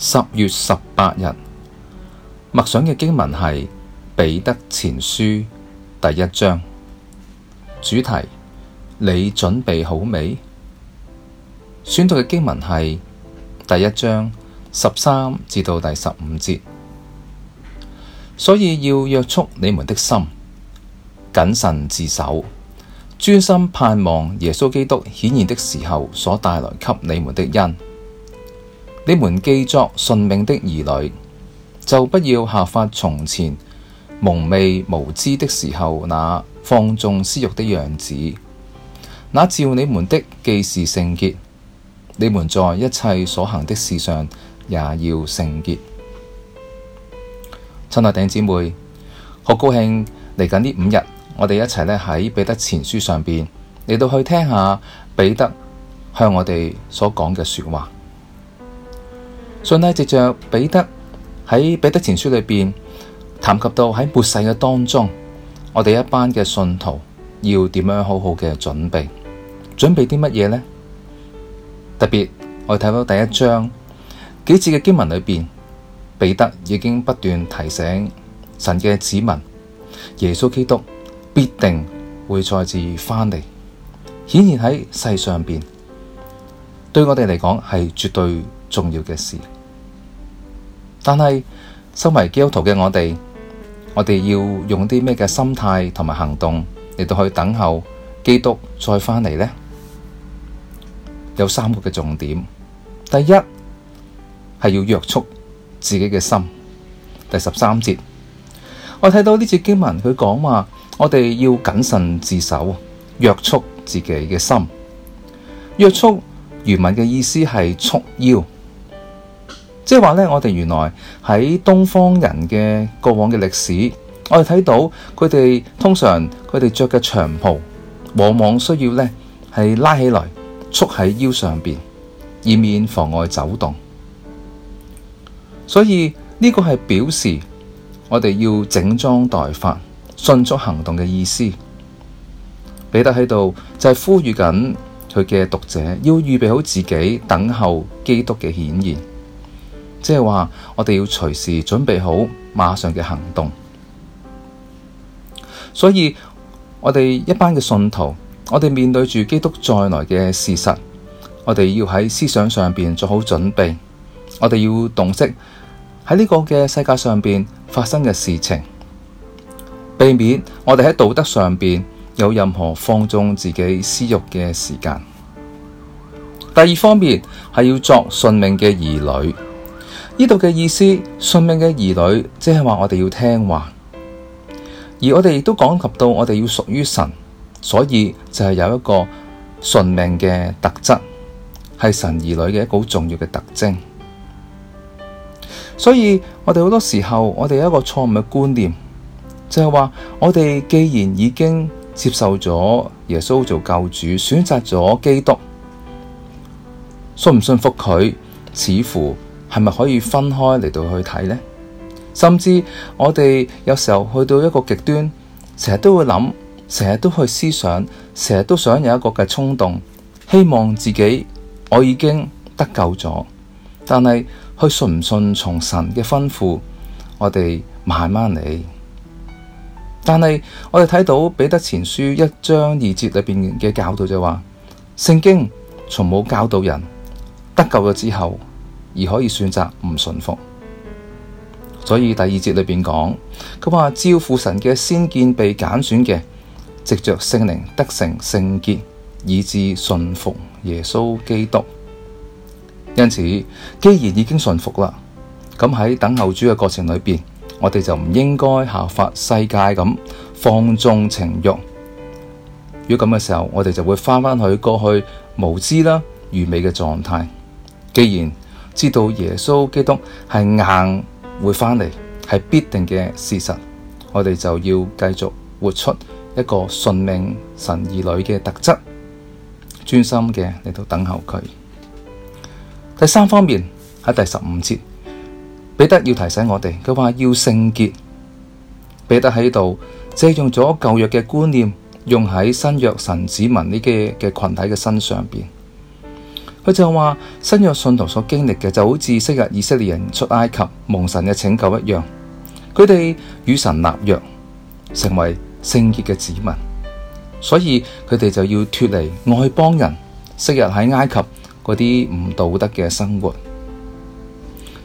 十月十八日默想嘅經文係彼得前書第一章，主題你準備好未？選到嘅經文係第一章十三至到第十五節，所以要約束你們的心，謹慎自守，專心盼望耶穌基督顯現的時候所帶來給你們的恩。你們既作順命的兒女，就不要效法從前蒙昧無知的時候那放縱私欲的樣子。那照你們的既是聖潔，你們在一切所行的事上也要聖潔。親愛弟兄姊妹，好高興嚟緊呢五日，我哋一齊咧喺彼得前書上邊嚟到去聽下彼得向我哋所講嘅說話。信呢，藉着彼得喺彼得前書裏邊談及到喺末世嘅當中，我哋一班嘅信徒要點樣好好嘅準備？準備啲乜嘢呢？特別我哋睇到第一章幾節嘅經文裏邊，彼得已經不斷提醒神嘅子民耶穌基督必定會再次翻嚟，顯現喺世上邊對我哋嚟講係絕對重要嘅事。但係，身為基督徒嘅我哋，我哋要用啲咩嘅心態同埋行動嚟到去等候基督再返嚟呢？有三個嘅重點。第一係要約束自己嘅心。第十三節，我睇到呢節經文，佢講話我哋要謹慎自守，約束自己嘅心。約束原文嘅意思係束腰。即係話咧，我哋原來喺東方人嘅過往嘅歷史，我哋睇到佢哋通常佢哋着嘅長袍，往往需要咧係拉起來束喺腰上邊，以免妨礙走動。所以呢、呢個係表示我哋要整裝待發，迅速行動嘅意思。彼得喺度就係、係、呼籲緊佢嘅讀者要預備好自己，等候基督嘅顯現。即係話，我哋要隨時準備好馬上嘅行動。所以，我哋一班嘅信徒，我哋面對住基督再來嘅事實，我哋要喺思想上邊做好準備，我哋要洞悉喺呢個嘅世界上邊發生嘅事情，避免我哋喺道德上邊有任何放縱自己私欲嘅時間。第二方面係要作順命嘅兒女。呢度嘅意思，順命嘅兒女，即係話我哋要聽話，而我哋亦都講及到我哋要屬於神，所以就係有一個順命嘅特質，係神兒女嘅一個好重要嘅特徵。所以我哋好多時候，我哋有一個錯誤嘅觀念，就係、是、話我哋既然已經接受咗耶穌做救主，選擇咗基督，信唔信服佢，似乎？係咪可以分開嚟到去睇呢？甚至我哋有時候去到一個極端，成日都會諗，成日都去思想，成日都想有一個嘅衝動，希望自己我已經得救咗。但係去順唔順從神嘅吩咐，我哋慢慢嚟。但係我哋睇到彼得前書一章二節裏邊嘅教導就話，聖經從冇教導人得救咗之後。而可以選擇唔順服，所以第二節裏邊講，佢話，照父神嘅先見被揀選嘅，藉着聖靈得成聖潔，以致順服耶穌基督。因此，既然已經順服啦，咁喺等候主嘅過程裏邊，我哋就唔應該效法世界咁放縱情慾。如果咁嘅時候，我哋就會翻翻去過去無知啦、愚昧嘅狀態。既然知道耶穌基督係硬會翻嚟，係必定嘅事實，我哋就要繼續活出一個順命神兒女嘅特質，專心嘅嚟到等候佢。第三方面喺第十五節，彼得要提醒我哋，佢話要聖潔。彼得喺度借用咗舊約嘅觀念，用喺新約神子民呢嘅嘅群體嘅身上邊。佢就話新約信徒所經歷嘅就好似昔日以色列人出埃及蒙神嘅拯救一樣，佢哋與神立約，成為聖潔嘅子民，所以佢哋就要脫離外邦人，昔日喺埃及嗰啲唔道德嘅生活。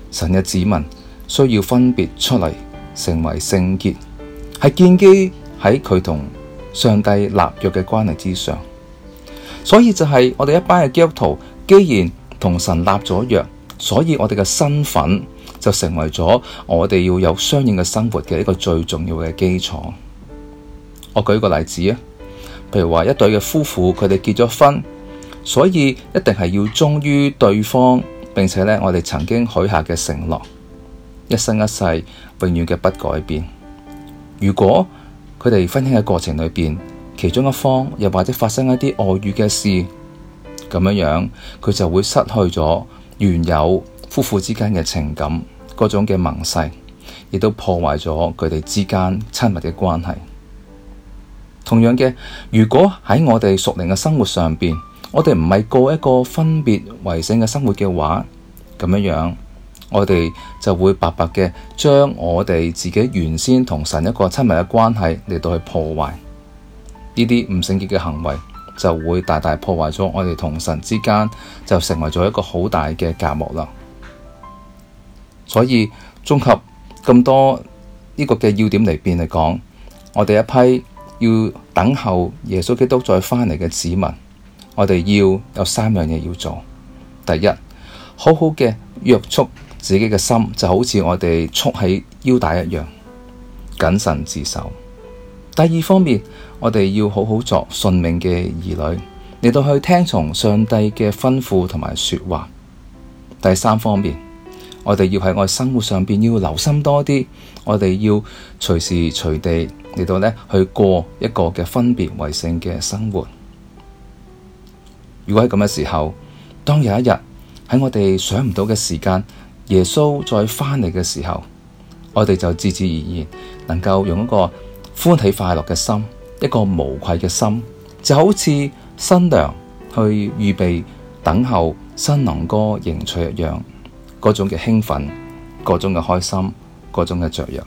神嘅子民需要分別出嚟，成為聖潔，係建基喺佢同上帝立約嘅關係之上，所以就係我哋一班嘅基督徒。既然同神立咗約，所以我哋嘅身份就成為咗我哋要有相應嘅生活嘅一個最重要嘅基礎。我舉個例子啊，譬如話一對嘅夫婦，佢哋結咗婚，所以一定係要忠於對方，並且呢，我哋曾經許下嘅承諾，一生一世永遠嘅不改變。如果佢哋婚姻嘅過程裏邊，其中一方又或者發生一啲外遇嘅事。咁樣樣，佢就會失去咗原有夫婦之間嘅情感，嗰種嘅盟誓，亦都破壞咗佢哋之間親密嘅關係。同樣嘅，如果喺我哋屬靈嘅生活上面，我哋唔係過一個分別為聖嘅生活嘅話，咁樣樣，我哋就會白白嘅將我哋自己原先同神一個親密嘅關係嚟,到去破壞呢啲唔聖潔嘅行為就會大大破壞咗我哋同神之間，就成為咗一個好大嘅隔膜啦。所以綜合咁多呢個嘅要點嚟變嚟講，我哋一批要等候耶穌基督再翻嚟嘅子民，我哋要有三樣嘢要做。第一，好好嘅約束自己嘅心，就好似我哋束喺腰帶一樣，謹慎自守。第二方面，我哋要好好作順命嘅兒女，嚟到去聽從上帝嘅吩咐同埋說話。第三方面，我哋要喺我哋生活上邊要留心多啲，我哋要隨時隨地嚟到咧去過一個嘅分別為聖嘅生活。如果喺咁嘅時候，當有一日喺我哋想唔到嘅時間，耶穌再翻嚟嘅時候，我哋就自自然然能夠用一個。歡喜快樂嘅心，一個無愧嘅心，就好似新娘去預備等候新郎哥迎娶一樣，嗰種嘅興奮，嗰種嘅開心，嗰種嘅雀躍。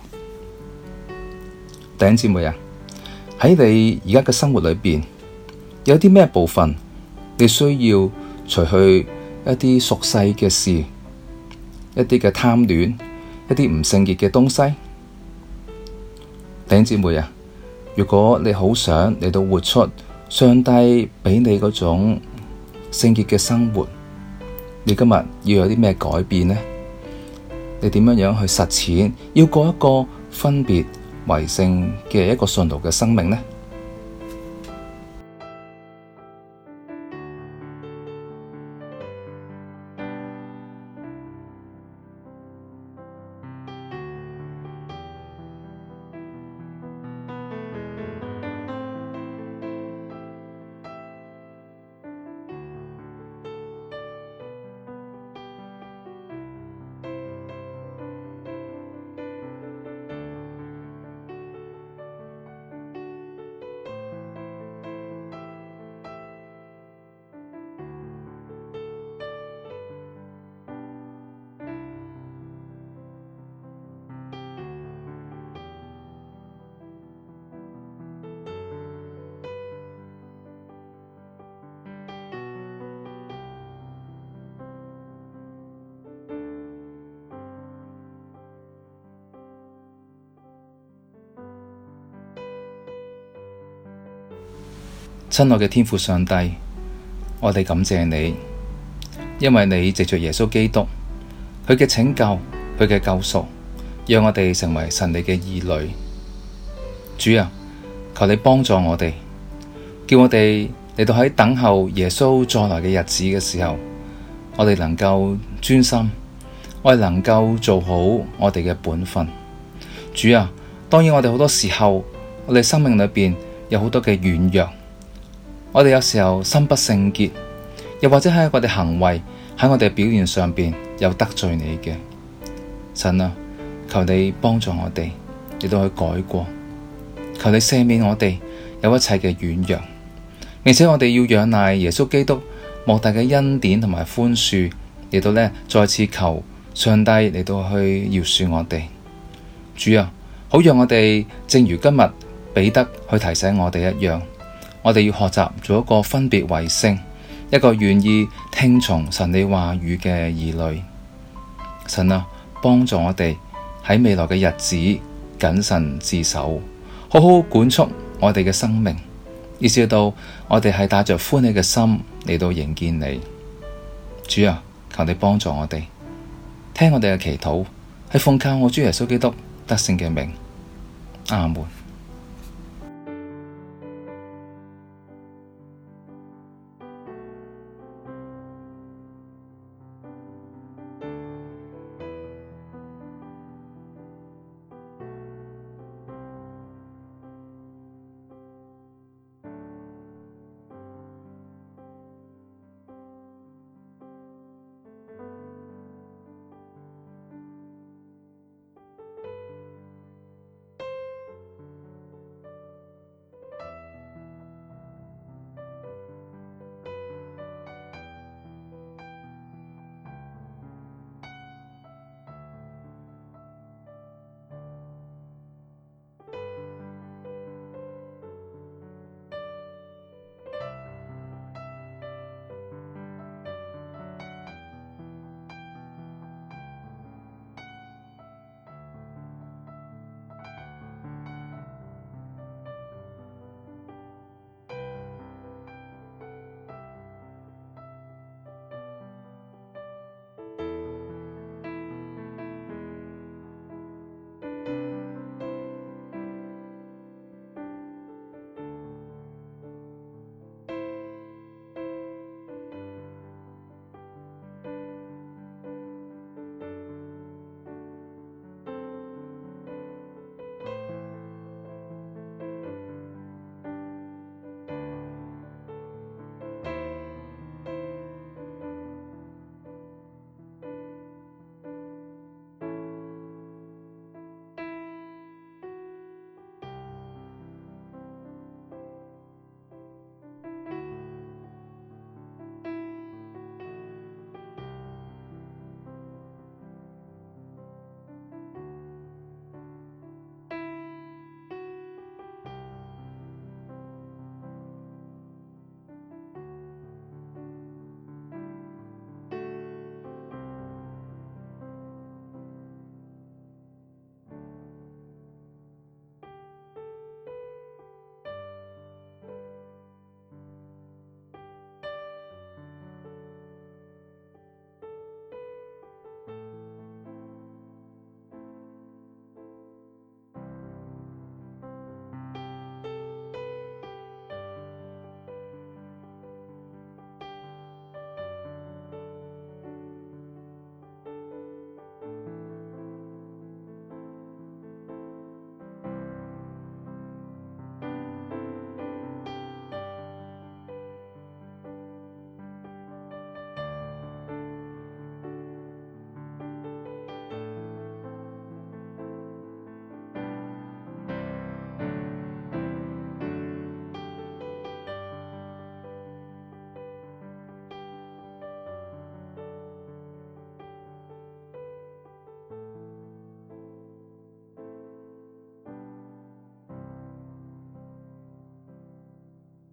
頂姊妹啊，喺你而家嘅生活裏邊，有啲咩部分你需要除去一啲俗世嘅事，一啲嘅貪戀，一啲唔聖潔嘅東西？弟兄姐妹啊，如果你好想嚟到活出上帝畀你嗰種聖潔嘅生活，你今日要有啲咩改變呢？你點樣樣去實踐，要過一個分別為聖嘅一個信徒嘅生命呢？親愛嘅天父上帝，我哋感謝你，因為你藉着耶穌基督，佢嘅拯救，佢嘅救贖，讓我哋成為神尼嘅兒女。主啊，求你幫助我哋，叫我哋嚟到喺等候耶穌再來嘅日子嘅時候，我哋能夠專心，我哋能夠做好我哋嘅本分。主啊，當然我哋好多時候，我哋生命裏邊有好多嘅軟弱。我哋有時候心不聖潔，又或者喺我哋行為，喺我哋表現上邊有得罪你嘅神啊，求你幫助我哋，亦都去改過，求你赦免我哋有一切嘅軟弱，並且我哋要仰賴耶穌基督莫大嘅恩典同埋寬恕，嚟到咧再次求上帝嚟到去饒恕我哋。主啊，好讓我哋正如今日彼得去提醒我哋一樣。我哋要學習做一個分別為聖，一個願意聽從神你話語嘅兒女。神啊，幫助我哋喺未來嘅日子謹慎自守，好，好好管束我哋嘅生命，意識到我哋係帶着歡喜嘅心嚟到迎見你。主啊，求你幫助我哋，聽我哋嘅祈禱，係奉靠我主耶穌基督得勝嘅名。阿門。